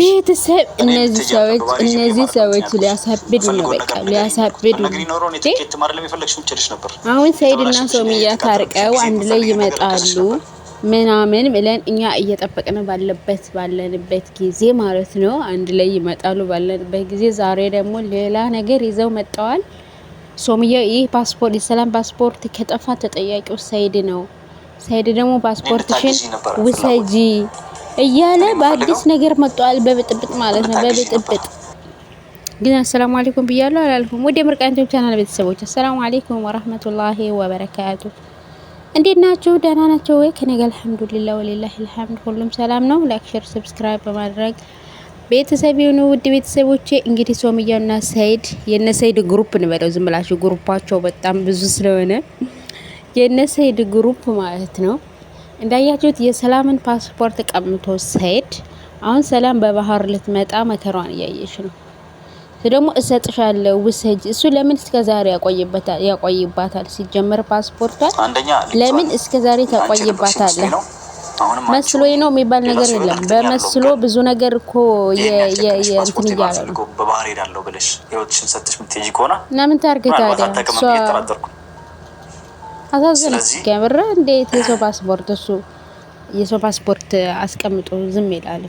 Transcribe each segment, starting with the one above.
ቤተሰብ እነዚህ ሰዎች እነዚህ ሰዎች ሊያሳብዱ ነው፣ በቃ ሊያሳብዱ ነበር። አሁን ሰይድና ሶምያ ታርቀው አንድ ላይ ይመጣሉ ምናምን ብለን እኛ እየጠበቅን ባለበት ባለንበት ጊዜ ማለት ነው አንድ ላይ ይመጣሉ ባለንበት ጊዜ፣ ዛሬ ደግሞ ሌላ ነገር ይዘው መጠዋል። ሶምያ ይህ ፓስፖርት የሰላም ፓስፖርት ከጠፋ ተጠያቂው ሰይድ ነው። ሰይድ ደግሞ ፓስፖርትሽን ውሰጂ እያለ በአዲስ ነገር መጥቷል። በብጥብጥ ማለት ነው። በብጥብጥ ግን አሰላሙ አለይኩም ብያለሁ አላልኩም? ወደ ምርቃን ዩቲዩብ ቻናል ቤተሰቦች አሰላሙ አለይኩም ወራህመቱላሂ ወበረካቱ። እንዴት ናችሁ? ደህና ናቸው ወይ? ከነገ አልሐምዱሊላህ ወሊላሂ አልሐምድ ሁሉም ሰላም ነው። ላይክ፣ ሼር፣ ሰብስክራይብ በማድረግ ቤተሰብ የሆኑ ውድ ቤተሰቦቼ እንግዲህ ሶምያና ሰይድ የነ ሰይድ ግሩፕ እንበለው ዝም ብላችሁ ግሩፓቸው በጣም ብዙ ስለሆነ የነ ሰይድ ግሩፕ ማለት ነው እንዳያችሁት የሰላምን ፓስፖርት ቀምቶ ሰይድ አሁን ሰላም በባህር ልትመጣ መከሯን እያየች ነው። ደግሞ እሰጥሻለሁ ውሰጅ። እሱ ለምን እስከ ዛሬ ያቆይበታል ያቆይባታል? ሲጀመር ፓስፖርቷል ለምን እስከ ዛሬ ታቆይባታል? መስሎ ነው የሚባል ነገር የለም። በመስሎ ብዙ ነገር እኮ የእንትን እያለ ነው። በባህር ሄዳለሁ ብለሽ ህይወትሽን ሰጥሽ ምትሄጂ ከሆነ ለምን ታርግ ታዲያ አሳዘነ ሲያምር እንዴት የሰው ፓስፖርት እሱ የሰው ፓስፖርት አስቀምጦ ዝም ይላል።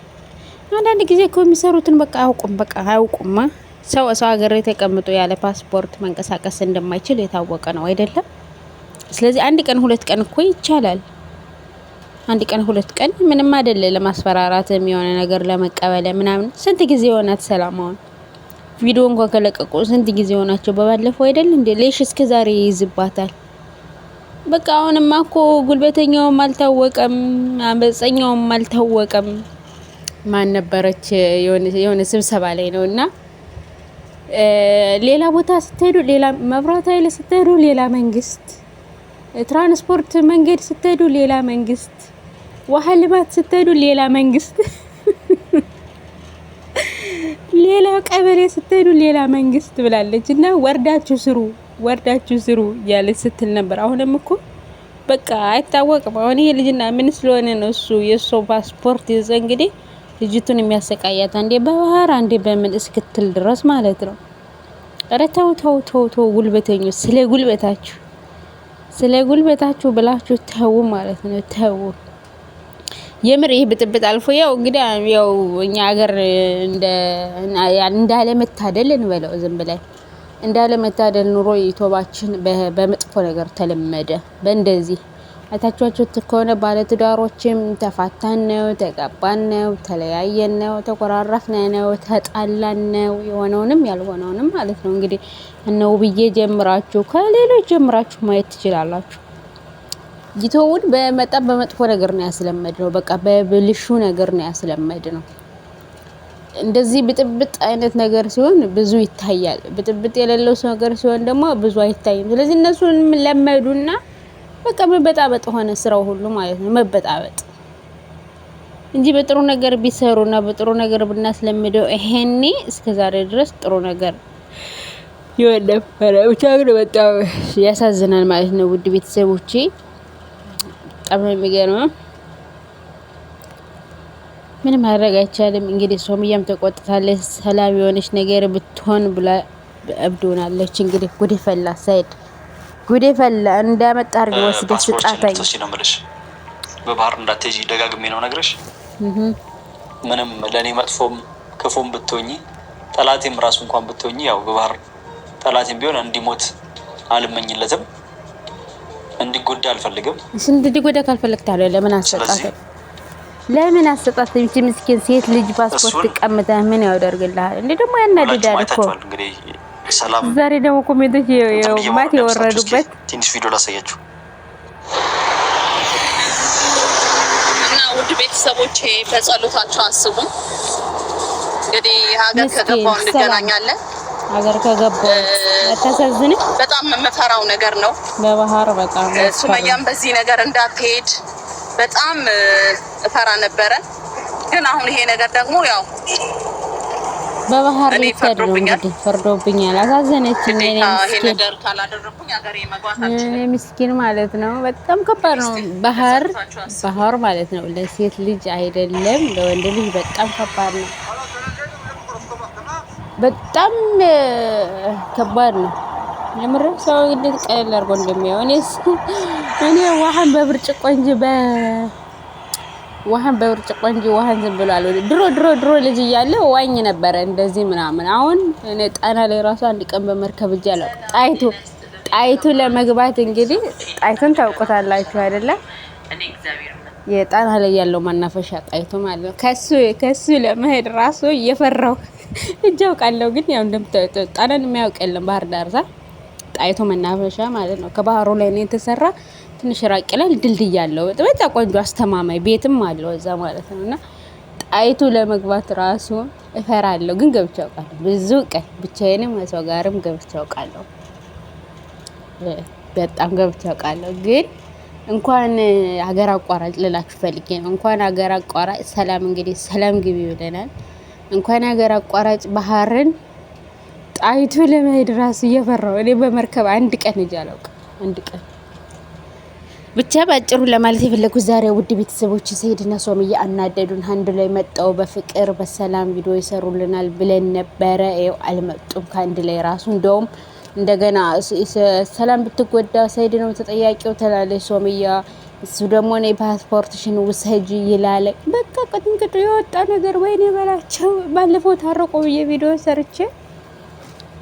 አንዳንድ ጊዜ እኮ የሚሰሩትን በቃ አያውቁም፣ በቃ አያውቁማ። ሰው ሰው ሀገር ተቀምጦ ያለ ፓስፖርት መንቀሳቀስ እንደማይችል የታወቀ ነው አይደለም? ስለዚህ አንድ ቀን ሁለት ቀን እኮ ይቻላል። አንድ ቀን ሁለት ቀን ምንም አይደለ። ለማስፈራራት የሆነ ነገር ለመቀበል ምናምን ስንት ጊዜ የሆናት ሰላም አሁን ቪዲዮ እንኳን ከለቀቁ ስንት ጊዜ ሆናቸው? በባለፈው አይደል እንዴ ሌሽ እስከ ዛሬ ይይዝባታል። በቃ አሁንማ እኮ ጉልበተኛውም አልታወቀም፣ አመፀኛውም አልታወቀም። ማን ነበረች የሆነ ስብሰባ ላይ ነው እና ሌላ ቦታ ስትሄዱ ሌላ መብራት ኃይል ስትሄዱ ሌላ መንግስት፣ ትራንስፖርት መንገድ ስትሄዱ ሌላ መንግስት፣ ውሃ ልማት ስትሄዱ ሌላ መንግስት፣ ሌላ ቀበሌ ስትሄዱ ሌላ መንግስት ብላለች እና ወርዳችሁ ስሩ። ወርዳችሁ ዝሩ እያለ ስትል ነበር። አሁንም እኮ በቃ አይታወቅም። አሁን ይሄ ልጅና ምን ስለሆነ ነው እሱ የእሱ ፓስፖርት ይዘ እንግዲህ ልጅቱን የሚያሰቃያት አንዴ በባህር አንዴ በምን እስክትል ድረስ ማለት ነው። ኧረ ተው ተው ተው ተው ስለ ጉልበታችሁ ስለ ጉልበታችሁ ብላችሁ ተው ማለት ነው። ተው የምር ይህ ብጥብጥ አልፎ ያው እንግዲህ ያው እኛ ሀገር መታደል እንበለው ዝም ብለን እንዳለመታደል ኑሮ የኢትዮባችን በመጥፎ ነገር ተለመደ። በእንደዚህ አይታችኋቸው ከሆነ ባለትዳሮችም ተፋታን ነው፣ ተጋባን ነው፣ ተለያየን ነው፣ ተቆራረፍን ነው፣ ተጣላን ነው፣ የሆነውንም ያልሆነውንም ማለት ነው። እንግዲህ እነ ውብዬ ጀምራችሁ ከሌሎች ጀምራችሁ ማየት ትችላላችሁ። ይተውን በመጣ በመጥፎ ነገር ነው ያስለመድ ነው። በቃ በብልሹ ነገር ነው ያስለመድ ነው። እንደዚህ ብጥብጥ አይነት ነገር ሲሆን ብዙ ይታያል። ብጥብጥ የሌለው ነገር ሲሆን ደግሞ ብዙ አይታይም። ስለዚህ እነሱን ለመዱና በቃ መበጣበጥ ሆነ ስራው ሁሉ ማለት ነው መበጣበጥ እንጂ በጥሩ ነገር ቢሰሩና በጥሩ ነገር ብናስለምደው ይሄኔ እስከዛሬ ድረስ ጥሩ ነገር ይሆን ነበረ። ብቻ ግን በጣም ያሳዝናል ማለት ነው። ውድ ቤተሰቦቼ በጣም ነው የሚገርመው። ምን ማድረግ አይቻልም። እንግዲህ ሶምያም ተቆጥታለች። ሰላም የሆነች ነገር ብትሆን ብላ እብዶናለች። እንግዲህ ጉዴ ፈላ። ሳይድ ጉዴ ፈላ። እንዳመጣ አድርገህ ወስደህ ስጣታኝ። በባህር እንዳትሄጂ ደጋግሜ ነው ነግረሽ። ምንም ለእኔ መጥፎም ክፉም ብትሆኚ ጠላቴም ራሱ እንኳን ብትሆኚ ያው በባህር ጠላቴም ቢሆን እንዲሞት አልመኝለትም፣ እንዲጎዳ አልፈልግም። እንዲጎዳ ካልፈለግ ለምን አሰጣትም? ለምን አሰጣት? እንጂ ምስኪን ሴት ልጅ ፓስፖርት ቀምተህ ምን ያደርግልሃል? እንዴ ደግሞ ያናድዳል እኮ። ዛሬ ደግሞ ኮሜንቶች ማት የወረዱበት ትንሽ ቪዲዮ ላሳያችሁ እና ውድ ቤተሰቦቼ በጸሎታችሁ አስቡ። እንግዲህ ሀገር ከገባው እንገናኛለን። ሀገር ከገባው አታሳዝንም። በጣም መፈራው ነገር ነው። በባህር በጣም ሱመያም በዚህ ነገር እንዳትሄድ በጣም እፈራ ነበረ። ግን አሁን ይሄ ነገር ደግሞ ያው በባህር ፈርዶብኛል ፈርዶብኛል። አሳዘነች። እኔ ነገር ካላደረኩኝ አገሬ ምስኪን ማለት ነው። በጣም ከባድ ነው። ባህር ባህር ማለት ነው። ለሴት ልጅ አይደለም ለወንድ ልጅ በጣም ከባድ ነው። በጣም ከባድ ነው። ለምርም ሰው እንዴት ቀለል አድርጎ እንደሚያው እኔስ እኔ ውሃን በብርጭቆ እንጂ በ ውሃን በብርጭቆ እንጂ ውሃን ዝም ብሎ አልወድም። ድሮ ድሮ ድሮ ልጅ እያለ ዋኝ ነበረ እንደዚህ ምናምን። አሁን እኔ ጣና ላይ ራሱ አንድ ቀን በመርከብ እጅ አላውቅም። ጣይቱ ጣይቱ ለመግባት እንግዲህ ጣይቱን ታውቁታላችሁ አይደለ? የጣና ላይ ያለው መናፈሻ ጣይቱ ማለት ነው። ከሱ ከሱ ለመሄድ ራሱ እየፈራው እጃውቃለሁ፣ ግን ያው እንደምታውቁት ጣናን የሚያውቅ የለም ባህር ዳርዛ ጣይቱ መናፈሻ ማለት ነው። ከባህሩ ላይ ነው የተሰራ። ትንሽ ራቅ ይላል። ድልድይ አለው። በጣም ቆንጆ አስተማማኝ ቤትም አለው እዛ ማለት ነው። እና ጣይቱ ለመግባት ራሱ እፈራለሁ፣ ግን ገብቼ አውቃለሁ። ብዙ ቀን ብቻዬንም ከሰው ጋርም ገብቼ አውቃለሁ። በጣም ገብቼ አውቃለሁ ግን እንኳን ሀገር አቋራጭ ልላችሁ ፈልጌ ነው። እንኳን ሀገር አቋራጭ ሰላም እንግዲህ ሰላም ግቢ ብለናል። እንኳን ሀገር አቋራጭ ባህርን ጣይቱ ለመሄድ ራሱ እየፈራው እኔ በመርከብ አንድ ቀን እጅ አላውቅም። አንድ ቀን ብቻ በአጭሩ ለማለት የፈለጉት ዛሬ ውድ ቤተሰቦች ሰኢድና ሶምዬ አናደዱን። አንድ ላይ መጣው በፍቅር በሰላም ቪዲዮ ይሰሩልናል ብለን ነበረ። ይኸው አልመጡም። ከአንድ ላይ ራሱ እንደውም እንደገና ሰላም ብትጎዳ ሰኢድ ነው ተጠያቂው ትላለች ሶምያ። እሱ ደግሞ እኔ ፓስፖርትሽን ውሰጂ ይላለ። በቃ ቅጥንቅጡ የወጣ ነገር ወይኔ በላቸው። ባለፈው ታረቆ ብዬ ቪዲዮ ሰርቼ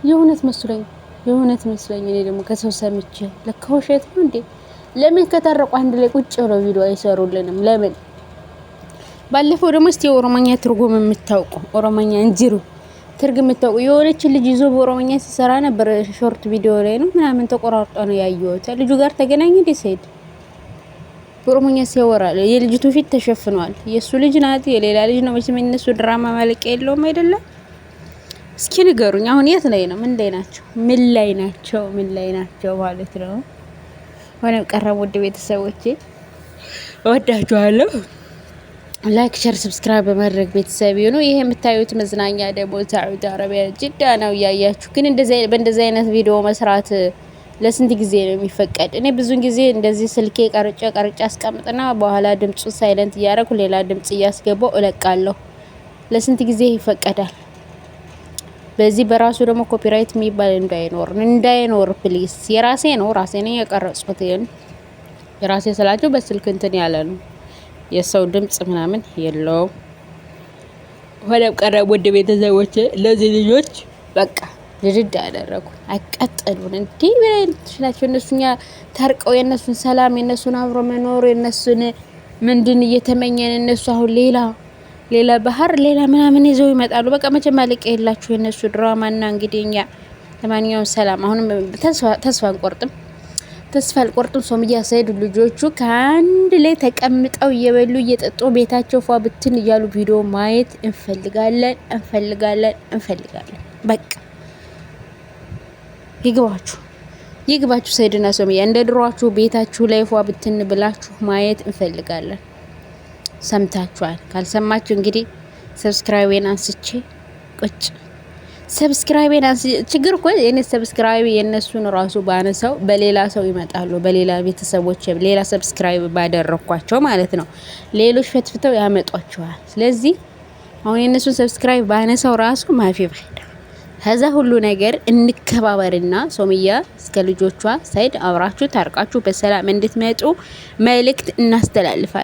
የእውነት መስሎኝ የእውነት መስሎኝ እኔ ደግሞ ከሰው ሰምቼ ለካ ውሸት ነው እንዴ? ለምን ከታረቁ አንድ ላይ ቁጭ ብለው ቪዲዮ አይሰሩልንም? ለምን? ባለፈው ደግሞ እስቲ ኦሮሞኛ ትርጉም የምታውቁ ኦሮሞኛ እንጂሩ ትርጉም የምታውቁ የሆነችን ልጅ ይዞ በኦሮሞኛ ሲሰራ ነበር። ሾርት ቪዲዮ ላይ ነው ምናምን ተቆራርጦ ነው ያየሁት። ልጁ ጋር ተገናኘ እንዴ ሰይድ በኦሮሞኛ ሲያወራል። የልጅቱ ፊት ተሸፍኗል። የእሱ ልጅ ናት የሌላ ልጅ ነው መቼም እነሱ ድራማ ማለቂያ የለውም አይደለም እስኪ ንገሩኝ፣ አሁን የት ላይ ነው? ምን ላይ ናቸው? ምን ላይ ናቸው? ምን ላይ ናቸው ማለት ነው። ሆነም ቀረብ ውድ ቤተሰቦቼ እወዳችኋለሁ። ላይክ ሸር ሰብስክራይብ በማድረግ ቤተሰብ ይሁኑ። ይሄ የምታዩት መዝናኛ ደግሞ ሳዑዲ አረቢያ ጅዳ ነው። እያያችሁ ግን በእንደዚህ አይነት ቪዲዮ መስራት ለስንት ጊዜ ነው የሚፈቀድ? እኔ ብዙን ጊዜ እንደዚህ ስልኬ ቀርጬ ቀርጬ አስቀምጥና በኋላ ድምፁ ሳይለንት እያደረኩ ሌላ ድምፅ እያስገባው እለቃለሁ። ለስንት ጊዜ ይፈቀዳል? በዚህ በራሱ ደግሞ ኮፒራይት የሚባል እንዳይኖር እንዳይኖር ፕሊስ። የራሴ ነው ራሴ ነው የቀረጽኩት። የራሴ ስላቸው በስልክ እንትን ያለ ነው የሰው ድምጽ ምናምን የለውም። ሆነም ቀረ ወደ ቤተሰቦች ለዚህ ልጆች በቃ ድድድ አደረጉ። አይቀጠሉ እንዲህ ብለሽ እነሱ እኛ ታርቀው የእነሱን ሰላም የእነሱን አብሮ መኖሩ የእነሱን ምንድን እየተመኘን እነሱ አሁን ሌላ ሌላ ባህር ሌላ ምናምን ይዘው ይመጣሉ። በቃ መቼም ማለቂያ የላችሁ የነሱ ድራማና እንግዲህ እኛ ለማንኛውም ሰላም። አሁንም ተስፋ አንቆርጥም፣ ተስፋ አልቆርጥም። ሶምያ ሰይድ ልጆቹ ከአንድ ላይ ተቀምጠው እየበሉ እየጠጡ ቤታቸው ፏ ብትን እያሉ ቪዲዮ ማየት እንፈልጋለን፣ እንፈልጋለን፣ እንፈልጋለን። በቃ ይግባችሁ፣ ይግባችሁ ሰይድና ሶምያ እንደ ድሯችሁ ቤታችሁ ላይ ፏ ብትን ብላችሁ ማየት እንፈልጋለን። ሰምታችኋል። ካልሰማችሁ እንግዲህ ሰብስክራይቤን አንስቼ ቁጭ ሰብስክራይቤን አንስ ችግር እኮ የኔ ሰብስክራይብ የእነሱን ራሱ ባነሰው በሌላ ሰው ይመጣሉ። በሌላ ቤተሰቦች ሌላ ሰብስክራይብ ባደረኳቸው ማለት ነው። ሌሎች ፈትፍተው ያመጧቸዋል። ስለዚህ አሁን የእነሱን ሰብስክራይብ ባነሰው ራሱ ማፊ ባሄዳ ከዛ ሁሉ ነገር እንከባበርና ሶምያ እስከ ልጆቿ ሳይድ አብራችሁ ታርቃችሁ በሰላም እንድትመጡ መልእክት እናስተላልፋል።